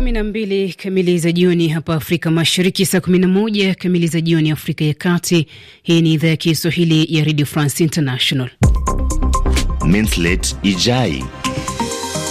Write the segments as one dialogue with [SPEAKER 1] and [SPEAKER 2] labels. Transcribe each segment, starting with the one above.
[SPEAKER 1] kumi na mbili kamili za jioni hapa Afrika Mashariki, saa kumi na moja kamili za jioni Afrika ya Kati. Hii ni idhaa ya Kiswahili ya Radio France International.
[SPEAKER 2] Mintlet Ijai,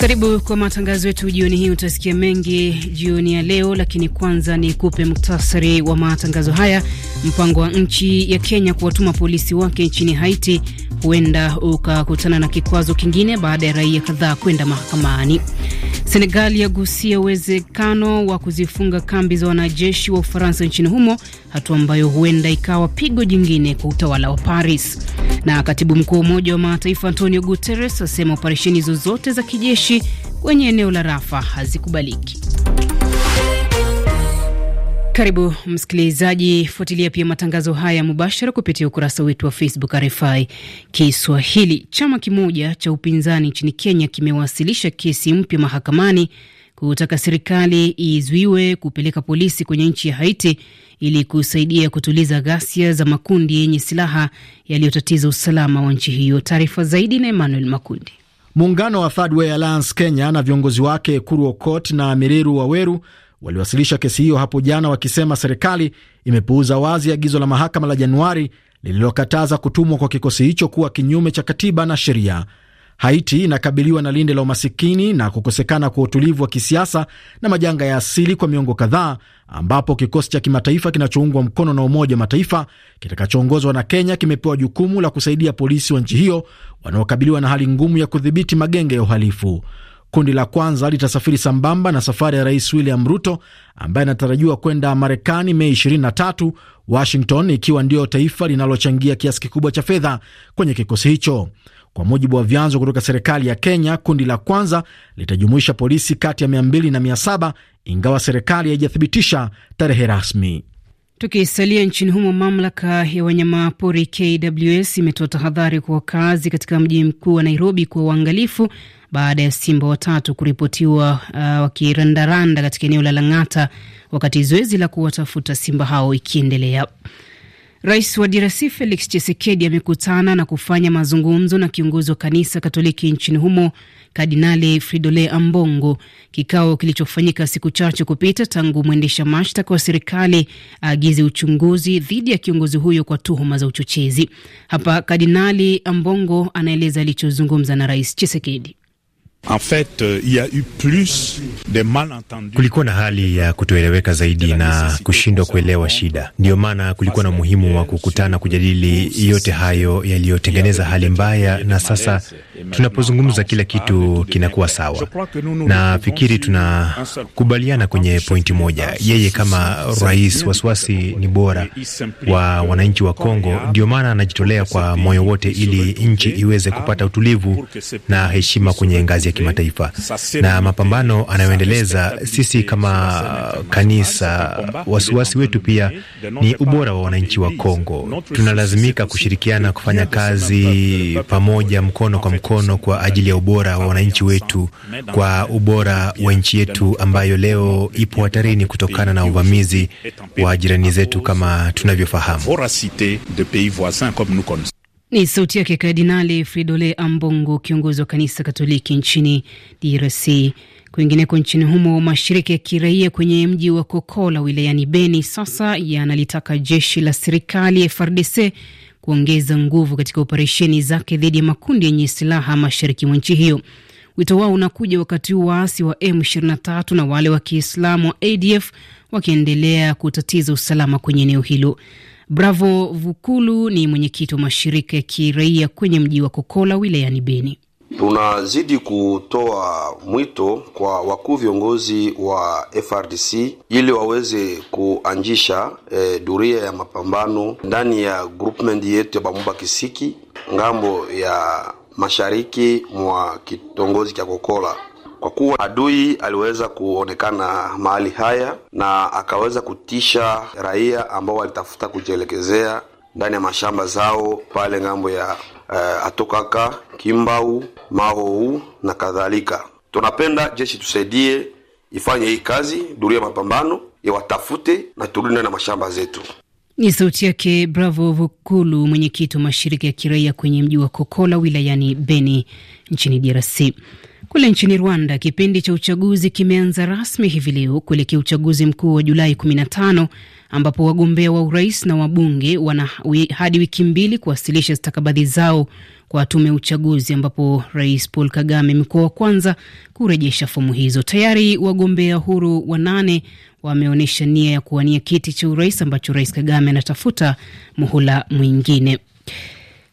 [SPEAKER 1] karibu kwa matangazo yetu jioni hii. Utasikia mengi jioni ya leo, lakini kwanza ni kupe muktasari wa matangazo haya. Mpango wa nchi ya Kenya kuwatuma polisi wake nchini Haiti huenda ukakutana na kikwazo kingine baada ya raia kadhaa kwenda mahakamani. Senegali yagusia uwezekano wa kuzifunga kambi za wanajeshi wa Ufaransa nchini humo, hatua ambayo huenda ikawa pigo jingine kwa utawala wa Paris. Na katibu mkuu wa Umoja wa Mataifa Antonio Guterres asema operesheni zozote za kijeshi kwenye eneo la Rafa hazikubaliki. Karibu msikilizaji, fuatilia pia matangazo haya mubashara kupitia ukurasa wetu wa Facebook RFI Kiswahili. Chama kimoja cha upinzani nchini Kenya kimewasilisha kesi mpya mahakamani kutaka serikali izuiwe kupeleka polisi kwenye nchi ya Haiti ili kusaidia kutuliza ghasia za makundi yenye silaha yaliyotatiza usalama wa nchi hiyo. Taarifa zaidi na Emmanuel Makundi.
[SPEAKER 3] Muungano wa Thirdway Alliance Kenya na viongozi wake Ekuru na Miriru Waweru waliwasilisha kesi hiyo hapo jana wakisema serikali imepuuza wazi agizo la mahakama la Januari lililokataza kutumwa kwa kikosi hicho kuwa kinyume cha katiba na sheria. Haiti inakabiliwa na linde la umasikini na kukosekana kwa utulivu wa kisiasa na majanga ya asili kwa miongo kadhaa, ambapo kikosi cha kimataifa kinachoungwa mkono na Umoja wa Mataifa kitakachoongozwa na Kenya kimepewa jukumu la kusaidia polisi wa nchi hiyo wanaokabiliwa na hali ngumu ya kudhibiti magenge ya uhalifu. Kundi la kwanza litasafiri sambamba na safari ya Rais William Ruto ambaye anatarajiwa kwenda Marekani Mei 23, Washington ikiwa ndiyo taifa linalochangia kiasi kikubwa cha fedha kwenye kikosi hicho. Kwa mujibu wa vyanzo kutoka serikali ya Kenya, kundi la kwanza litajumuisha polisi kati ya 200 na 700, ingawa serikali haijathibitisha tarehe rasmi.
[SPEAKER 1] Tukisalia nchini humo, mamlaka ya wanyamapori KWS imetoa tahadhari kwa wakazi katika mji mkuu wa Nairobi kwa uangalifu baada ya simba watatu kuripotiwa uh, wakirandaranda katika eneo la Lang'ata wakati zoezi la kuwatafuta simba hao ikiendelea. Rais wa DRC Felix chisekedi amekutana na kufanya mazungumzo na kiongozi wa kanisa Katoliki nchini humo Kardinali fridole Ambongo, kikao kilichofanyika siku chache kupita tangu mwendesha mashtaka wa serikali aagize uchunguzi dhidi ya kiongozi huyo kwa tuhuma za uchochezi. Hapa Kardinali Ambongo anaeleza alichozungumza na Rais chisekedi
[SPEAKER 2] En fait, euh, il y a eu plus de malentendus. Kulikuwa na hali ya kutoeleweka zaidi na kushindwa kuelewa shida. Ndiyo maana kulikuwa na umuhimu wa kukutana kujadili yote hayo yaliyotengeneza hali mbaya na sasa tunapozungumza kila kitu kinakuwa sawa. Nafikiri tunakubaliana kwenye pointi moja, yeye kama rais, wasiwasi ni bora wa wananchi wa Kongo, ndio maana anajitolea kwa moyo wote ili nchi iweze kupata utulivu na heshima kwenye ngazi ya kimataifa, na mapambano anayoendeleza. Sisi kama kanisa, wasiwasi wetu pia ni ubora wa wananchi wa Kongo. Tunalazimika kushirikiana kufanya kazi pamoja, mkono kwa mkono mkono kwa ajili ya ubora wa wananchi wetu, kwa ubora wa nchi yetu ambayo leo ipo hatarini kutokana na uvamizi wa jirani zetu kama tunavyofahamu.
[SPEAKER 1] Ni sauti yake Kardinali Fridole Ambongo, kiongozi wa kanisa Katoliki nchini DRC. Kwingineko nchini humo, mashirika ya kiraia kwenye mji wa Kokola wilayani Beni sasa yanalitaka jeshi la serikali FRDC kuongeza nguvu katika operesheni zake dhidi ya makundi yenye silaha mashariki mwa nchi hiyo. Wito wao unakuja wakati huu waasi wa M23 na wale wa Kiislamu wa ADF wakiendelea kutatiza usalama kwenye eneo hilo. Bravo Vukulu ni mwenyekiti wa mashirika ya kiraia kwenye mji wa Kokola wilayani Beni.
[SPEAKER 3] Tunazidi kutoa mwito kwa wakuu viongozi wa FRDC ili waweze kuanjisha e, eh, duria ya mapambano ndani ya groupment yetu ya Bamumba Kisiki ngambo ya mashariki mwa kitongozi cha Kokola kwa kuwa adui aliweza kuonekana mahali haya na akaweza kutisha raia ambao walitafuta kujielekezea ndani ya mashamba zao pale ngambo ya uh, eh, Atokaka, Kimbau, Mahou na kadhalika. Tunapenda jeshi tusaidie ifanye hii kazi duru ya mapambano iwatafute na turudi ndani ya mashamba zetu.
[SPEAKER 1] Ni sauti yake Bravo Vukulu, mwenyekiti wa mashirika ya kiraia kwenye mji wa Kokola wilayani Beni nchini DRC. Kule nchini Rwanda, kipindi cha uchaguzi kimeanza rasmi hivi leo kuelekea uchaguzi mkuu wa Julai 15 ambapo wagombea wa urais na wabunge wana hadi wiki mbili kuwasilisha stakabadhi zao kwa tume ya uchaguzi, ambapo Rais Paul Kagame amekuwa wa kwanza kurejesha fomu hizo. Tayari wagombea huru wanane wameonyesha nia ya kuwania kiti cha urais ambacho Rais Kagame anatafuta muhula mwingine.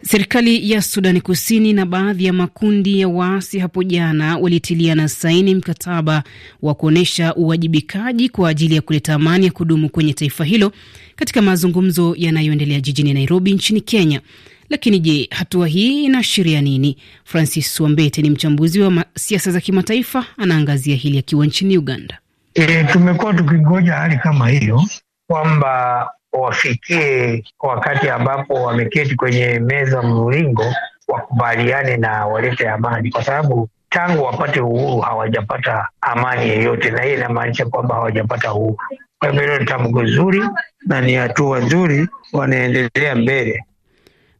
[SPEAKER 1] Serikali ya Sudani Kusini na baadhi ya makundi ya waasi hapo jana walitilia na saini mkataba wa kuonyesha uwajibikaji kwa ajili ya kuleta amani ya kudumu kwenye taifa hilo katika mazungumzo yanayoendelea jijini Nairobi nchini Kenya. Lakini je, hatua hii inaashiria nini? Francis Wambete ni mchambuzi wa siasa za kimataifa, anaangazia hili akiwa nchini Uganda.
[SPEAKER 2] E, tumekuwa tukingoja hali kama hiyo kwamba wafikie wakati ambapo wameketi kwenye meza mviringo, wakubaliane na walete amani, kwa sababu tangu wapate uhuru hawajapata amani yeyote, na hii inamaanisha kwamba hawajapata uhuru. Kwa hivyo hilo ni tamko zuri na ni hatua nzuri, wanaendelea mbele.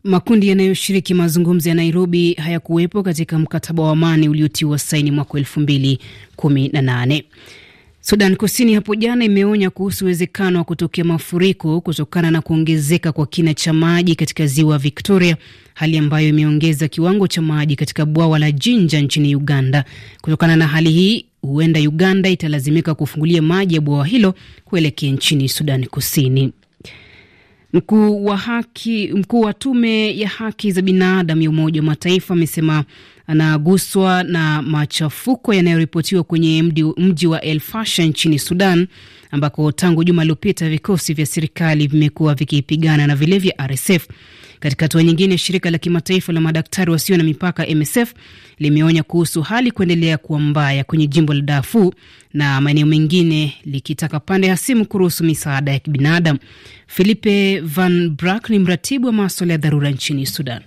[SPEAKER 1] Makundi yanayoshiriki mazungumzo ya Nairobi hayakuwepo katika mkataba wa amani uliotiwa saini mwaka elfu mbili kumi na nane. Sudan Kusini hapo jana imeonya kuhusu uwezekano wa kutokea mafuriko kutokana na kuongezeka kwa kina cha maji katika ziwa Victoria, hali ambayo imeongeza kiwango cha maji katika bwawa la Jinja nchini Uganda. Kutokana na hali hii, huenda Uganda italazimika kufungulia maji ya bwawa hilo kuelekea nchini Sudan Kusini. Mkuu wa haki mkuu wa tume ya haki za binadamu ya Umoja wa Mataifa amesema anaguswa na machafuko yanayoripotiwa kwenye mji wa El Fasha nchini Sudan, ambako tangu juma lililopita vikosi vya serikali vimekuwa vikipigana na vile vya RSF. Katika hatua nyingine, shirika la kimataifa la madaktari wasio na mipaka MSF limeonya kuhusu hali kuendelea kuwa mbaya kwenye jimbo la Darfur na maeneo mengine, likitaka pande hasimu kuruhusu misaada ya kibinadamu. Philippe Van Brak ni mratibu wa maswala ya dharura nchini Sudan.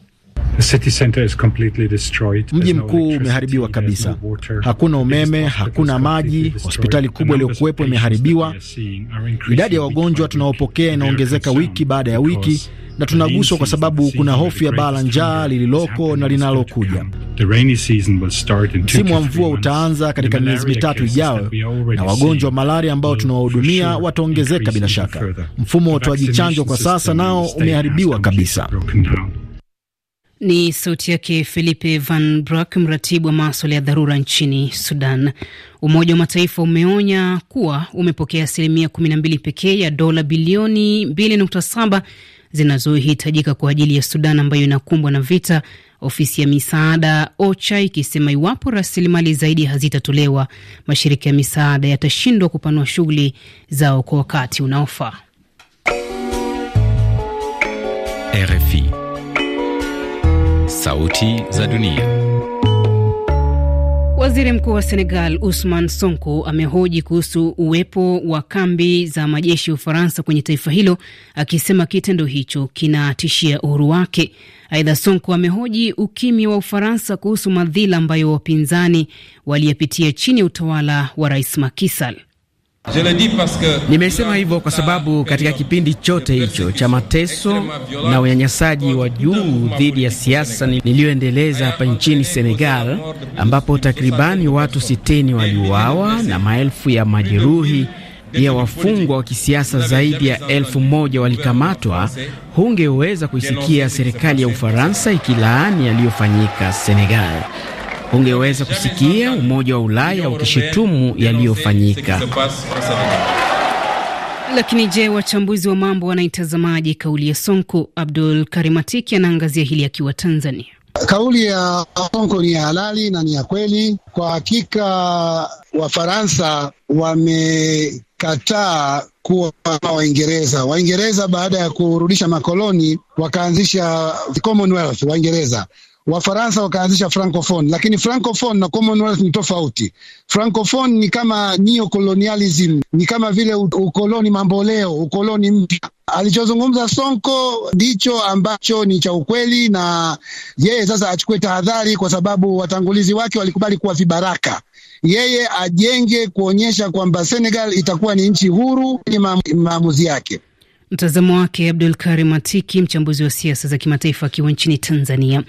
[SPEAKER 2] Mji mkuu umeharibiwa kabisa,
[SPEAKER 1] hakuna umeme, hakuna maji. Hospitali kubwa iliyokuwepo imeharibiwa.
[SPEAKER 3] Idadi ya wagonjwa tunaopokea inaongezeka wiki baada ya wiki, na tunaguswa kwa sababu kuna hofu ya baa la njaa lililoko na linalokuja. Msimu wa mvua utaanza katika miezi mitatu ijayo, na wagonjwa wa malaria ambao tunawahudumia wataongezeka bila shaka. Mfumo wa utoaji chanjo kwa sasa nao umeharibiwa kabisa.
[SPEAKER 1] Ni sauti yake Philipe Van Brak, mratibu wa maswala ya dharura nchini Sudan. Umoja wa Mataifa umeonya kuwa umepokea asilimia 12 pekee ya dola bilioni 2.7 zinazohitajika kwa ajili ya Sudan ambayo inakumbwa na vita, ofisi ya misaada OCHA ikisema iwapo rasilimali zaidi hazitatolewa, mashirika ya misaada yatashindwa kupanua shughuli zao kwa wakati unaofaa.
[SPEAKER 2] RFI, Sauti za Dunia.
[SPEAKER 1] Waziri mkuu wa Senegal Usman Sonko amehoji kuhusu uwepo wa kambi za majeshi ya Ufaransa kwenye taifa hilo, akisema kitendo hicho kinatishia uhuru wake. Aidha, Sonko amehoji ukimya wa Ufaransa kuhusu madhila ambayo wapinzani waliyepitia chini ya utawala wa Rais Macky Sall.
[SPEAKER 3] Nimesema hivyo kwa sababu katika kipindi chote hicho cha mateso na unyanyasaji wa juu dhidi ya siasa niliyoendeleza hapa nchini Senegal, ambapo takribani watu sitini waliuawa na maelfu ya majeruhi pia wafungwa wa kisiasa zaidi ya elfu moja walikamatwa, hungeweza kuisikia serikali ya Ufaransa ikilaani yaliyofanyika Senegal ungeweza kusikia Umoja wa Ulaya ukishutumu yaliyofanyika.
[SPEAKER 1] Lakini je, wachambuzi wa mambo wanaitazamaje kauli ya Sonko? Abdul Karimatiki anaangazia hili akiwa Tanzania. Kauli ya
[SPEAKER 3] Sonko ni ya halali na ni ya kweli. Kwa hakika, Wafaransa wamekataa kuwa kama Waingereza. Waingereza baada ya kurudisha makoloni wakaanzisha Commonwealth Waingereza Wafaransa wakaanzisha francophone, lakini francophone na commonwealth ni tofauti. Francophone ni kama neocolonialism, ni kama vile ukoloni mamboleo, ukoloni mpya. Alichozungumza Sonko ndicho ambacho ni cha ukweli, na yeye sasa achukue tahadhari, kwa sababu watangulizi wake walikubali kuwa vibaraka yeye ajenge kuonyesha kwamba Senegal itakuwa ni nchi huru ni maamuzi yake.
[SPEAKER 1] Mtazamo wake Abdul Karim Atiki, mchambuzi wa siasa za kimataifa akiwa nchini Tanzania.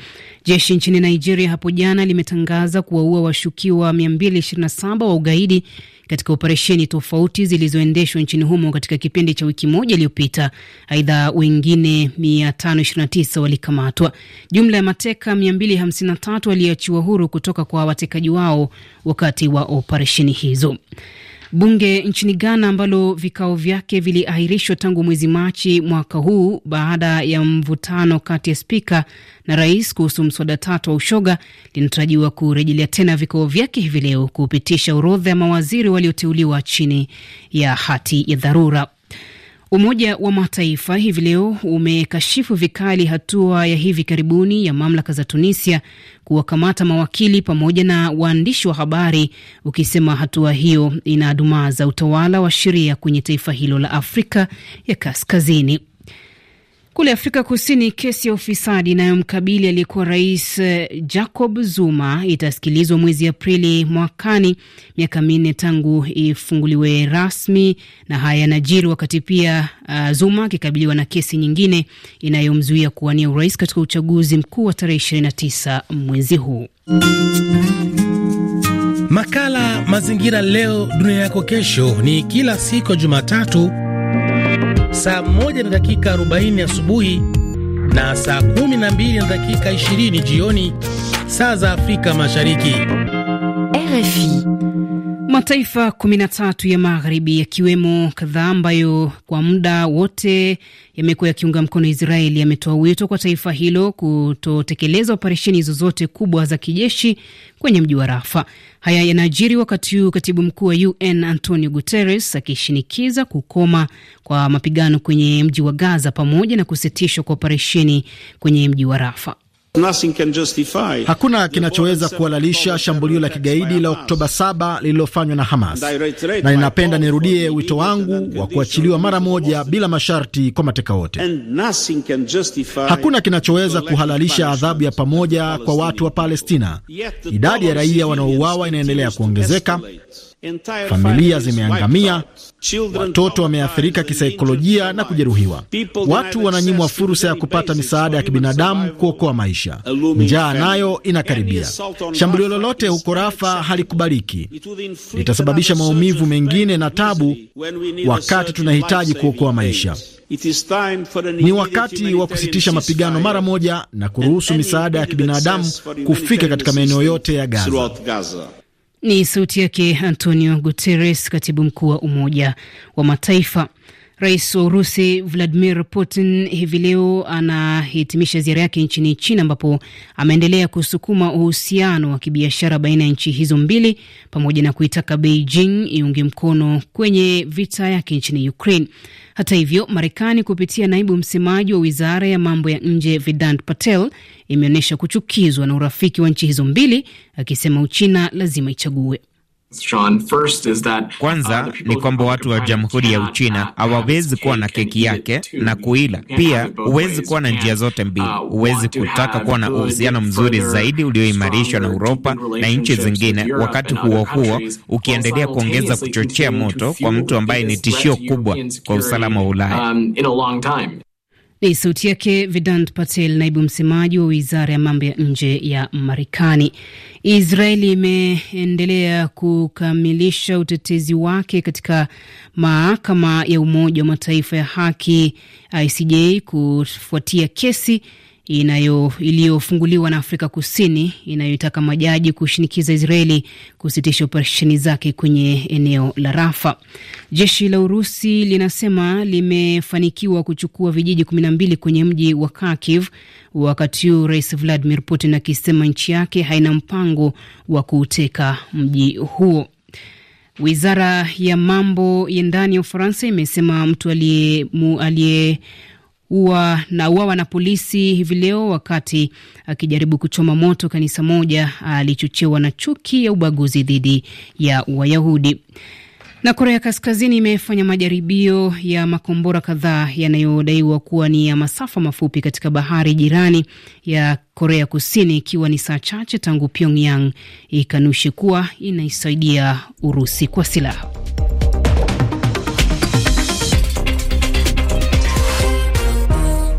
[SPEAKER 1] Jeshi nchini Nigeria hapo jana limetangaza kuwaua washukiwa 227 wa ugaidi katika operesheni tofauti zilizoendeshwa nchini humo katika kipindi cha wiki moja iliyopita. Aidha, wengine 529 walikamatwa. Jumla ya mateka 253 waliachiwa huru kutoka kwa watekaji wao wakati wa operesheni hizo. Bunge nchini Ghana ambalo vikao vyake viliahirishwa tangu mwezi Machi mwaka huu baada ya mvutano kati ya spika na rais kuhusu mswada tatu wa ushoga linatarajiwa kurejelea tena vikao vyake hivi leo kupitisha orodha ya mawaziri walioteuliwa chini ya hati ya dharura. Umoja wa Mataifa hivi leo umekashifu vikali hatua ya hivi karibuni ya mamlaka za Tunisia kuwakamata mawakili pamoja na waandishi wa habari, ukisema hatua hiyo inadumaza utawala wa sheria kwenye taifa hilo la Afrika ya Kaskazini. Kule Afrika Kusini, kesi ya ufisadi inayomkabili aliyekuwa rais eh, Jacob Zuma itasikilizwa mwezi Aprili mwakani, miaka minne tangu ifunguliwe rasmi. Na haya yanajiri wakati pia uh, Zuma akikabiliwa na kesi nyingine inayomzuia kuwania urais katika uchaguzi mkuu wa tarehe 29 mwezi huu.
[SPEAKER 2] Makala Mazingira Leo Dunia Yako Kesho ni kila siku ya Jumatatu saa moja na dakika 40 asubuhi na saa 12 na dakika 20 jioni saa za Afrika Mashariki.
[SPEAKER 1] RFI Mataifa 13 ya magharibi yakiwemo kadhaa ambayo kwa muda wote yamekuwa yakiunga mkono Israeli yametoa wito kwa taifa hilo kutotekeleza operesheni zozote kubwa za kijeshi kwenye mji wa Rafa. Haya yanajiri wakati huu katibu mkuu wa UN Antonio Guterres akishinikiza kukoma kwa mapigano kwenye mji wa Gaza pamoja na kusitishwa kwa operesheni kwenye mji wa Rafa.
[SPEAKER 3] Hakuna kinachoweza kuhalalisha shambulio la kigaidi la Oktoba 7 lililofanywa na Hamas, na ninapenda nirudie wito wangu wa kuachiliwa mara moja bila masharti kwa mateka wote. Hakuna kinachoweza kuhalalisha adhabu ya pamoja kwa watu wa Palestina. Idadi ya raia wanaouawa inaendelea kuongezeka. Familia zimeangamia, watoto wameathirika kisaikolojia na kujeruhiwa, watu wananyimwa fursa ya kupata misaada ya kibinadamu kuokoa maisha. Njaa nayo inakaribia. Shambulio lolote huko Rafa halikubaliki, litasababisha maumivu mengine na tabu, wakati tunahitaji kuokoa maisha. Ni wakati wa kusitisha mapigano mara moja na kuruhusu misaada ya kibinadamu kufika katika maeneo yote ya Gaza.
[SPEAKER 1] Ni sauti yake Antonio Guterres, katibu mkuu wa Umoja wa Mataifa. Rais wa Urusi Vladimir Putin hivi leo anahitimisha ziara yake nchini China, ambapo ameendelea kusukuma uhusiano wa kibiashara baina ya nchi hizo mbili, pamoja na kuitaka Beijing iunge mkono kwenye vita yake nchini Ukraine. Hata hivyo, Marekani kupitia naibu msemaji wa wizara ya mambo ya nje Vedant Patel imeonyesha kuchukizwa na urafiki wa nchi hizo mbili, akisema Uchina lazima ichague
[SPEAKER 3] Uh, Kwanza
[SPEAKER 2] ni kwamba watu wa Jamhuri ya Uchina hawawezi kuwa na keki yake na kuila. Pia huwezi kuwa na njia zote mbili, uh, huwezi kutaka kuwa na uhusiano mzuri zaidi ulioimarishwa na Uropa na nchi zingine, wakati huo huo ukiendelea kuongeza kuchochea moto kwa mtu ambaye ni tishio kubwa kwa usalama wa Ulaya.
[SPEAKER 3] Um,
[SPEAKER 1] ni sauti yake Vedant Patel, naibu msemaji wa wizara ya mambo ya nje ya Marekani. Israeli imeendelea kukamilisha utetezi wake katika mahakama ya Umoja wa Mataifa ya haki ICJ kufuatia kesi iliyofunguliwa na Afrika Kusini inayoitaka majaji kushinikiza Israeli kusitisha operesheni zake kwenye eneo la Rafa. Jeshi la Urusi linasema limefanikiwa kuchukua vijiji kumi na mbili kwenye mji wa Kharkiv, wakati huu Rais Vladimir Putin akisema nchi yake haina mpango wa kuuteka mji huo. Wizara ya mambo ya ndani ya Ufaransa imesema mtu aliye wanauawa na polisi hivi leo wakati akijaribu kuchoma moto kanisa moja alichochewa na chuki ya ubaguzi dhidi ya Wayahudi. Na Korea Kaskazini imefanya majaribio ya makombora kadhaa yanayodaiwa kuwa ni ya masafa mafupi katika bahari jirani ya Korea Kusini, ikiwa ni saa chache tangu Pyongyang ikanushi kuwa inaisaidia Urusi kwa silaha.